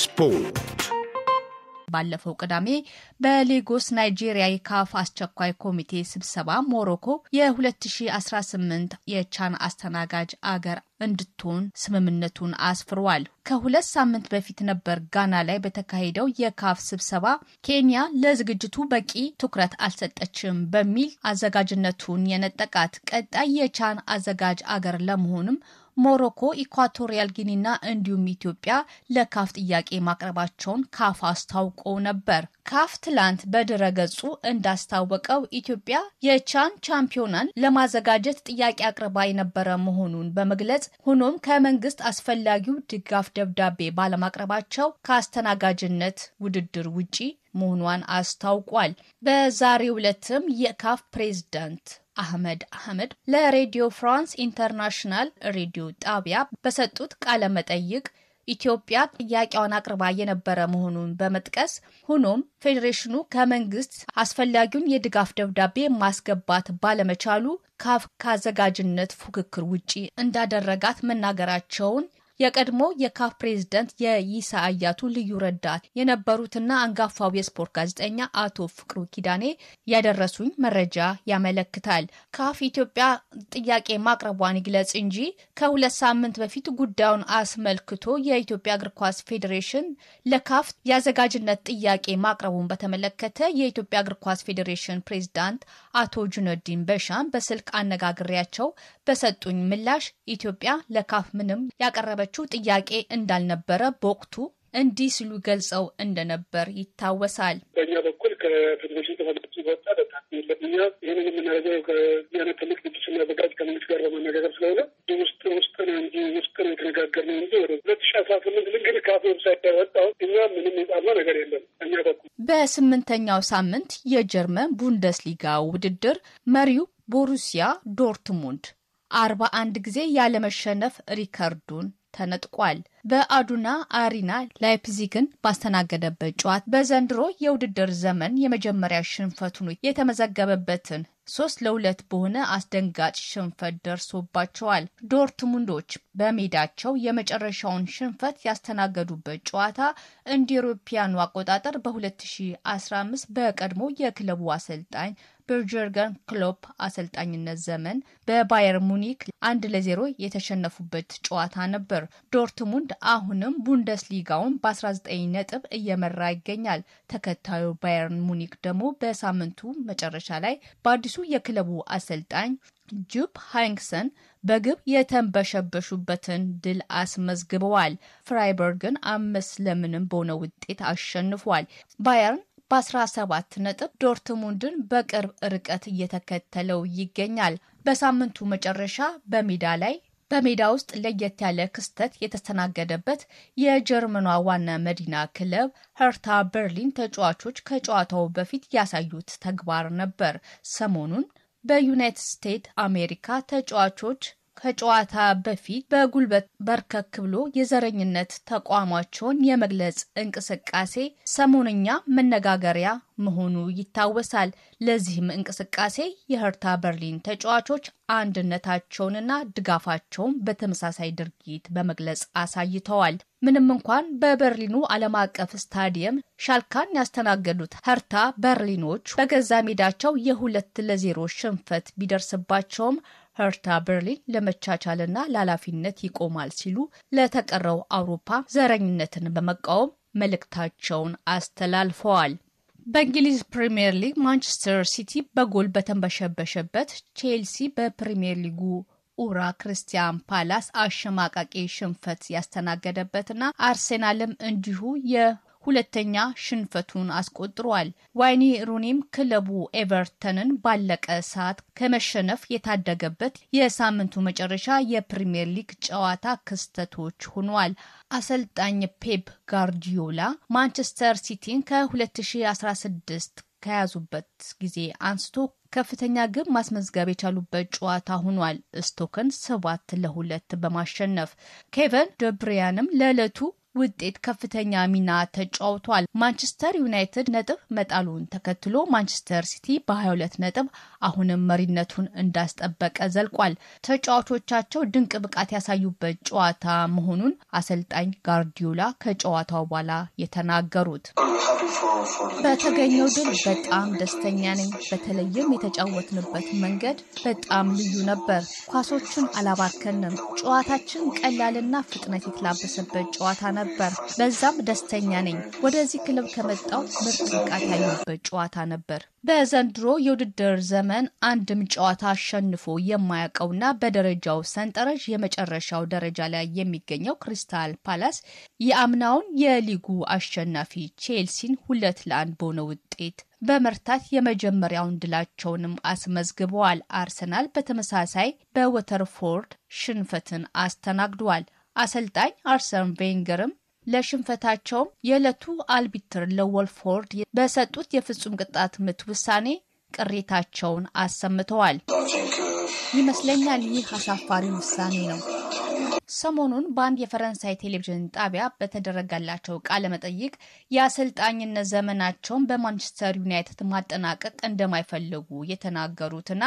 ስፖርት ባለፈው ቅዳሜ በሌጎስ ናይጄሪያ የካፍ አስቸኳይ ኮሚቴ ስብሰባ ሞሮኮ የ2018 የቻን አስተናጋጅ አገር እንድትሆን ስምምነቱን አስፍሯል። ከሁለት ሳምንት በፊት ነበር ጋና ላይ በተካሄደው የካፍ ስብሰባ ኬንያ ለዝግጅቱ በቂ ትኩረት አልሰጠችም በሚል አዘጋጅነቱን የነጠቃት። ቀጣይ የቻን አዘጋጅ አገር ለመሆንም ሞሮኮ፣ ኢኳቶሪያል ጊኒና እንዲሁም ኢትዮጵያ ለካፍ ጥያቄ ማቅረባቸውን ካፍ አስታውቆ ነበር። ካፍ ትላንት በድረገጹ እንዳስታወቀው ኢትዮጵያ የቻን ቻምፒዮናን ለማዘጋጀት ጥያቄ አቅርባ የነበረ መሆኑን በመግለጽ ሆኖም ከመንግስት አስፈላጊው ድጋፍ ደብዳቤ ባለማቅረባቸው ከአስተናጋጅነት ውድድር ውጪ መሆኗን አስታውቋል። በዛሬው ዕለትም የካፍ ፕሬዝዳንት አህመድ አህመድ ለሬዲዮ ፍራንስ ኢንተርናሽናል ሬዲዮ ጣቢያ በሰጡት ቃለ መጠይቅ ኢትዮጵያ ጥያቄዋን አቅርባ የነበረ መሆኑን በመጥቀስ ሆኖም ፌዴሬሽኑ ከመንግስት አስፈላጊውን የድጋፍ ደብዳቤ ማስገባት ባለመቻሉ ካፍ ካዘጋጅነት ፉክክር ውጪ እንዳደረጋት መናገራቸውን የቀድሞ የካፍ ፕሬዝደንት የይሳ አያቱ ልዩ ረዳት የነበሩትና አንጋፋው የስፖርት ጋዜጠኛ አቶ ፍቅሩ ኪዳኔ ያደረሱኝ መረጃ ያመለክታል። ካፍ ኢትዮጵያ ጥያቄ ማቅረቧን ይግለጽ እንጂ ከሁለት ሳምንት በፊት ጉዳዩን አስመልክቶ የኢትዮጵያ እግር ኳስ ፌዴሬሽን ለካፍ የአዘጋጅነት ጥያቄ ማቅረቡን በተመለከተ የኢትዮጵያ እግር ኳስ ፌዴሬሽን ፕሬዝዳንት አቶ ጁነዲን በሻን በስልክ አነጋግሬያቸው በሰጡኝ ምላሽ ኢትዮጵያ ለካፍ ምንም ያቀረበ ያቀረበችው ጥያቄ እንዳልነበረ በወቅቱ እንዲህ ሲሉ ገልጸው እንደነበር ይታወሳል። በእኛ በኩል ከፌዴሬሽን ተፈላጊ ወጣ በጣም የለም። እኛ ይህንን የምናደርገው ከያነ ትልቅ ድርጅትና በጋጭ ከመንግስት ጋር በማነጋገር ስለሆነ ውስጥ ውስጥ ነው እንጂ ውስጥ ነው የተነጋገር ነው እንጂ ወደ ሁለት ሺ አስራ ስምንት ልንግል ካፍ ዌብሳይት ያወጣው እኛ ምንም የጻፈ ነገር የለም። እኛ በኩል በስምንተኛው ሳምንት የጀርመን ቡንደስሊጋ ውድድር መሪው ቦሩሲያ ዶርትሙንድ አርባ አንድ ጊዜ ያለመሸነፍ ሪከርዱን ተነጥቋል። በአዱና አሪና ላይፕዚግን ባስተናገደበት ጨዋታ በዘንድሮ የውድድር ዘመን የመጀመሪያ ሽንፈቱን የተመዘገበበትን ሶስት ለሁለት በሆነ አስደንጋጭ ሽንፈት ደርሶባቸዋል። ዶርትሙንዶች በሜዳቸው የመጨረሻውን ሽንፈት ያስተናገዱበት ጨዋታ እንደ አውሮፓውያኑ አቆጣጠር በ2015 በቀድሞ የክለቡ አሰልጣኝ በጀርገን ክሎፕ አሰልጣኝነት ዘመን በባየር ሙኒክ አንድ ለዜሮ የተሸነፉበት ጨዋታ ነበር። ዶርትሙንድ አሁንም ቡንደስሊጋውን በ19 ነጥብ እየመራ ይገኛል። ተከታዩ ባየርን ሙኒክ ደግሞ በሳምንቱ መጨረሻ ላይ በአዲሱ የክለቡ አሰልጣኝ ጁፕ ሃይንክሰን በግብ የተንበሸበሹበትን ድል አስመዝግበዋል። ፍራይበርግን አምስት ለምንም በሆነ ውጤት አሸንፏል። ባየርን በ17 ነጥብ ዶርትሙንድን በቅርብ ርቀት እየተከተለው ይገኛል። በሳምንቱ መጨረሻ በሜዳ ላይ በሜዳ ውስጥ ለየት ያለ ክስተት የተስተናገደበት የጀርመኗ ዋና መዲና ክለብ ኸርታ በርሊን ተጫዋቾች ከጨዋታው በፊት ያሳዩት ተግባር ነበር። ሰሞኑን በዩናይትድ ስቴትስ አሜሪካ ተጫዋቾች ከጨዋታ በፊት በጉልበት በርከክ ብሎ የዘረኝነት ተቋማቸውን የመግለጽ እንቅስቃሴ ሰሞነኛ መነጋገሪያ መሆኑ ይታወሳል። ለዚህም እንቅስቃሴ የህርታ በርሊን ተጫዋቾች አንድነታቸውንና ድጋፋቸውን በተመሳሳይ ድርጊት በመግለጽ አሳይተዋል። ምንም እንኳን በበርሊኑ ዓለም አቀፍ ስታዲየም ሻልካን ያስተናገዱት ሀርታ በርሊኖች በገዛ ሜዳቸው የሁለት ለዜሮ ሽንፈት ቢደርስባቸውም ሄርታ በርሊን ለመቻቻልና ለኃላፊነት ይቆማል ሲሉ ለተቀረው አውሮፓ ዘረኝነትን በመቃወም መልእክታቸውን አስተላልፈዋል። በእንግሊዝ ፕሪምየር ሊግ ማንቸስተር ሲቲ በጎል በተንበሸበሸበት ቼልሲ በፕሪምየር ሊጉ ኡራ ክርስቲያን ፓላስ አሸማቃቂ ሽንፈት ያስተናገደበትና አርሴናልም እንዲሁ የ ሁለተኛ ሽንፈቱን አስቆጥሯል። ዋይኒ ሩኒም ክለቡ ኤቨርተንን ባለቀ ሰዓት ከመሸነፍ የታደገበት የሳምንቱ መጨረሻ የፕሪምየር ሊግ ጨዋታ ክስተቶች ሆኗል። አሰልጣኝ ፔፕ ጋርዲዮላ ማንቸስተር ሲቲን ከ2016 ከያዙበት ጊዜ አንስቶ ከፍተኛ ግብ ማስመዝገብ የቻሉበት ጨዋታ ሆኗል። ስቶክን ሰባት ለሁለት በማሸነፍ ኬቨን ደብሪያንም ለዕለቱ ውጤት ከፍተኛ ሚና ተጫውቷል። ማንቸስተር ዩናይትድ ነጥብ መጣሉን ተከትሎ ማንቸስተር ሲቲ በ22 ነጥብ አሁንም መሪነቱን እንዳስጠበቀ ዘልቋል። ተጫዋቾቻቸው ድንቅ ብቃት ያሳዩበት ጨዋታ መሆኑን አሰልጣኝ ጋርዲዮላ ከጨዋታው በኋላ የተናገሩት በተገኘው ድል በጣም ደስተኛ ነኝ። በተለይም የተጫወትንበት መንገድ በጣም ልዩ ነበር። ኳሶቹን አላባከንም። ጨዋታችን ቀላልና ፍጥነት የተላበሰበት ጨዋታ ነበር። ነበር። በዛም ደስተኛ ነኝ። ወደዚህ ክለብ ከመጣው ምርጥ ብቃት ያዩበት ጨዋታ ነበር። በዘንድሮ የውድድር ዘመን አንድም ጨዋታ አሸንፎ የማያውቀውና በደረጃው ሰንጠረዥ የመጨረሻው ደረጃ ላይ የሚገኘው ክሪስታል ፓላስ የአምናውን የሊጉ አሸናፊ ቼልሲን ሁለት ለአንድ በሆነ ውጤት በመርታት የመጀመሪያውን ድላቸውንም አስመዝግበዋል። አርሰናል በተመሳሳይ በወተርፎርድ ሽንፈትን አስተናግዷል። አሰልጣኝ አርሰን ቬንገርም ለሽንፈታቸውም የዕለቱ አልቢትር ለወልፎርድ በሰጡት የፍጹም ቅጣት ምት ውሳኔ ቅሬታቸውን አሰምተዋል። ይመስለኛል ይህ አሳፋሪ ውሳኔ ነው። ሰሞኑን በአንድ የፈረንሳይ ቴሌቪዥን ጣቢያ በተደረገላቸው ቃለ መጠይቅ የአሰልጣኝነት ዘመናቸውን በማንቸስተር ዩናይትድ ማጠናቀቅ እንደማይፈልጉ የተናገሩትና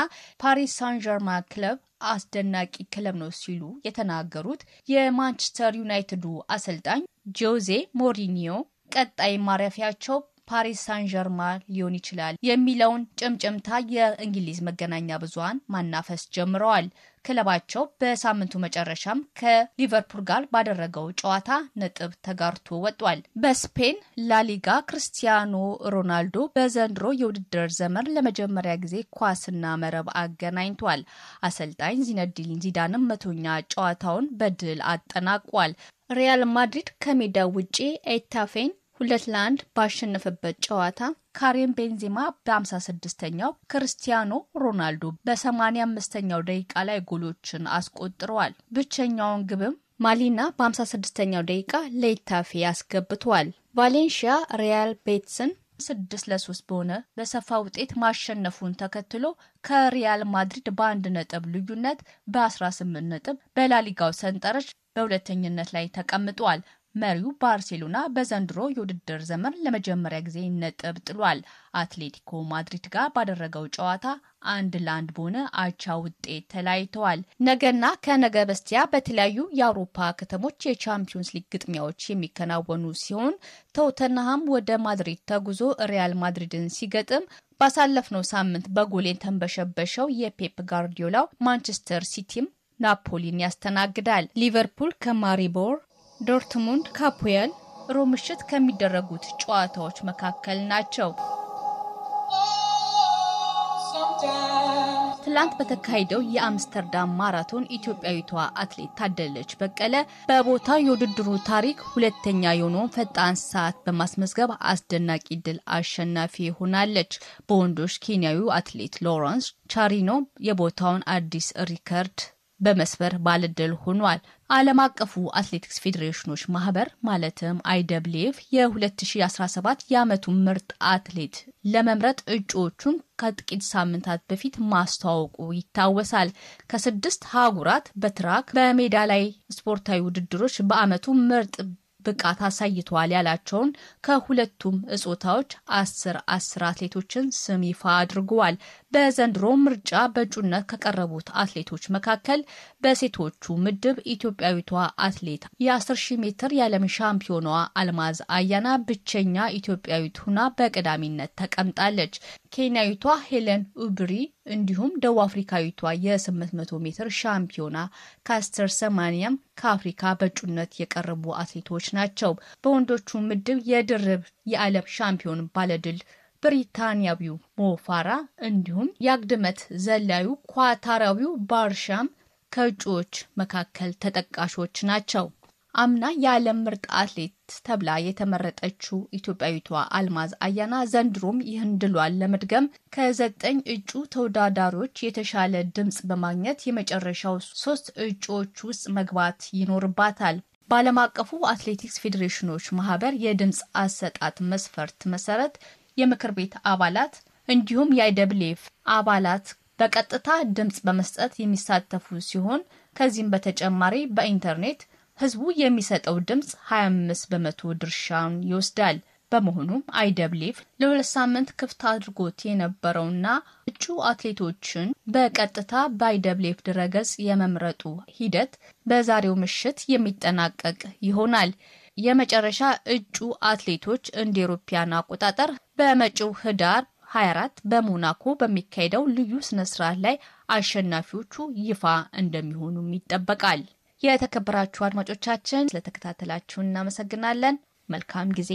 ፓሪስ ሳን ጀርማ ክለብ አስደናቂ ክለብ ነው ሲሉ የተናገሩት የማንቸስተር ዩናይትዱ አሰልጣኝ ጆዜ ሞሪኒዮ ቀጣይ ማረፊያቸው ፓሪስ ሳን ጀርማ ሊሆን ይችላል የሚለውን ጭምጭምታ የእንግሊዝ መገናኛ ብዙሀን ማናፈስ ጀምረዋል። ክለባቸው በሳምንቱ መጨረሻም ከሊቨርፑል ጋር ባደረገው ጨዋታ ነጥብ ተጋርቶ ወጥቷል። በስፔን ላሊጋ ክርስቲያኖ ሮናልዶ በዘንድሮ የውድድር ዘመን ለመጀመሪያ ጊዜ ኳስና መረብ አገናኝቷል። አሰልጣኝ ዚነዲን ዚዳንም መቶኛ ጨዋታውን በድል አጠናቋል። ሪያል ማድሪድ ከሜዳ ውጪ ኤታፌን ሁለት ለአንድ ባሸነፈበት ጨዋታ ካሬም ቤንዜማ በ56ኛው ክርስቲያኖ ሮናልዶ በ85ኛው ደቂቃ ላይ ጎሎችን አስቆጥረዋል። ብቸኛውን ግብም ማሊና በ56ኛው ደቂቃ ለኢታፌ አስገብቷል። ቫሌንሺያ ሪያል ቤትስን ስድስት ለሶስት በሆነ በሰፋ ውጤት ማሸነፉን ተከትሎ ከሪያል ማድሪድ በአንድ ነጥብ ልዩነት በ18 ነጥብ በላሊጋው ሰንጠረዥ በሁለተኝነት ላይ ተቀምጧል። መሪው ባርሴሎና በዘንድሮ የውድድር ዘመን ለመጀመሪያ ጊዜ ነጥብ ጥሏል። አትሌቲኮ ማድሪድ ጋር ባደረገው ጨዋታ አንድ ለአንድ በሆነ አቻ ውጤት ተለያይተዋል። ነገና ከነገ በስቲያ በተለያዩ የአውሮፓ ከተሞች የቻምፒዮንስ ሊግ ግጥሚያዎች የሚከናወኑ ሲሆን ቶተንሃም ወደ ማድሪድ ተጉዞ ሪያል ማድሪድን ሲገጥም ባሳለፍነው ሳምንት በጎሌን ተንበሸበሸው የፔፕ ጋርዲዮላው ማንቸስተር ሲቲም ናፖሊን ያስተናግዳል። ሊቨርፑል ከማሪቦር ዶርትሙንድ ካፑየል ሮ ምሽት ከሚደረጉት ጨዋታዎች መካከል ናቸው። ትላንት በተካሄደው የአምስተርዳም ማራቶን ኢትዮጵያዊቷ አትሌት ታደለች በቀለ በቦታው የውድድሩ ታሪክ ሁለተኛ የሆነውን ፈጣን ሰዓት በማስመዝገብ አስደናቂ ድል አሸናፊ ሆናለች። በወንዶች ኬንያዊው አትሌት ሎረንስ ቻሪኖ የቦታውን አዲስ ሪከርድ በመስበር ባለድል ሆኗል። ዓለም አቀፉ አትሌቲክስ ፌዴሬሽኖች ማህበር ማለትም አይደብሊፍ የ2017 የዓመቱ ምርጥ አትሌት ለመምረጥ እጩዎቹን ከጥቂት ሳምንታት በፊት ማስተዋወቁ ይታወሳል። ከስድስት ሀጉራት በትራክ በሜዳ ላይ ስፖርታዊ ውድድሮች በዓመቱ ምርጥ ብቃት አሳይተዋል ያላቸውን ከሁለቱም እጾታዎች አስር አስር አትሌቶችን ስም ይፋ አድርገዋል። በዘንድሮ ምርጫ በእጩነት ከቀረቡት አትሌቶች መካከል በሴቶቹ ምድብ ኢትዮጵያዊቷ አትሌት የ10 ሺህ ሜትር የዓለም ሻምፒዮኗ አልማዝ አያና ብቸኛ ኢትዮጵያዊት ሁና በቀዳሚነት ተቀምጣለች። ኬንያዊቷ ሄለን ኡብሪ እንዲሁም ደቡብ አፍሪካዊቷ የ800 ሜትር ሻምፒዮና ካስተር ሰማኒያም ከአፍሪካ በእጩነት የቀረቡ አትሌቶች ናቸው። በወንዶቹ ምድብ የድርብ የዓለም ሻምፒዮን ባለድል ብሪታንያዊው ሞፋራ እንዲሁም የአግድመት ዘላዩ ኳታራዊው ባርሻም ከእጩዎች መካከል ተጠቃሾች ናቸው። አምና የዓለም ምርጥ አትሌት ተብላ የተመረጠችው ኢትዮጵያዊቷ አልማዝ አያና ዘንድሮም ይህን ድሏን ለመድገም ከዘጠኝ እጩ ተወዳዳሪዎች የተሻለ ድምፅ በማግኘት የመጨረሻው ሶስት እጩዎች ውስጥ መግባት ይኖርባታል። በዓለም አቀፉ አትሌቲክስ ፌዴሬሽኖች ማህበር የድምፅ አሰጣት መስፈርት መሰረት የምክር ቤት አባላት እንዲሁም የአይደብሌፍ አባላት በቀጥታ ድምፅ በመስጠት የሚሳተፉ ሲሆን ከዚህም በተጨማሪ በኢንተርኔት ህዝቡ የሚሰጠው ድምፅ 25 በመቶ ድርሻውን ይወስዳል። በመሆኑም አይደብሌፍ ለሁለት ሳምንት ክፍት አድርጎት የነበረውና እጩ አትሌቶችን በቀጥታ በአይደብሌፍ ድረገጽ የመምረጡ ሂደት በዛሬው ምሽት የሚጠናቀቅ ይሆናል። የመጨረሻ እጩ አትሌቶች እንደ ኤሮፓያን አቆጣጠር በመጪው ህዳር 24 በሞናኮ በሚካሄደው ልዩ ስነስርዓት ላይ አሸናፊዎቹ ይፋ እንደሚሆኑም ይጠበቃል። የተከበራችሁ አድማጮቻችን ስለተከታተላችሁ እናመሰግናለን። መልካም ጊዜ